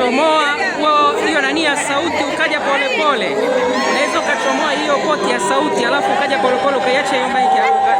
ukachomoa hiyo nani ya sauti, ukaja polepole, unaweza ukachomoa hiyo poti ya sauti, alafu ukaja polepole ukaiacha hiyo mic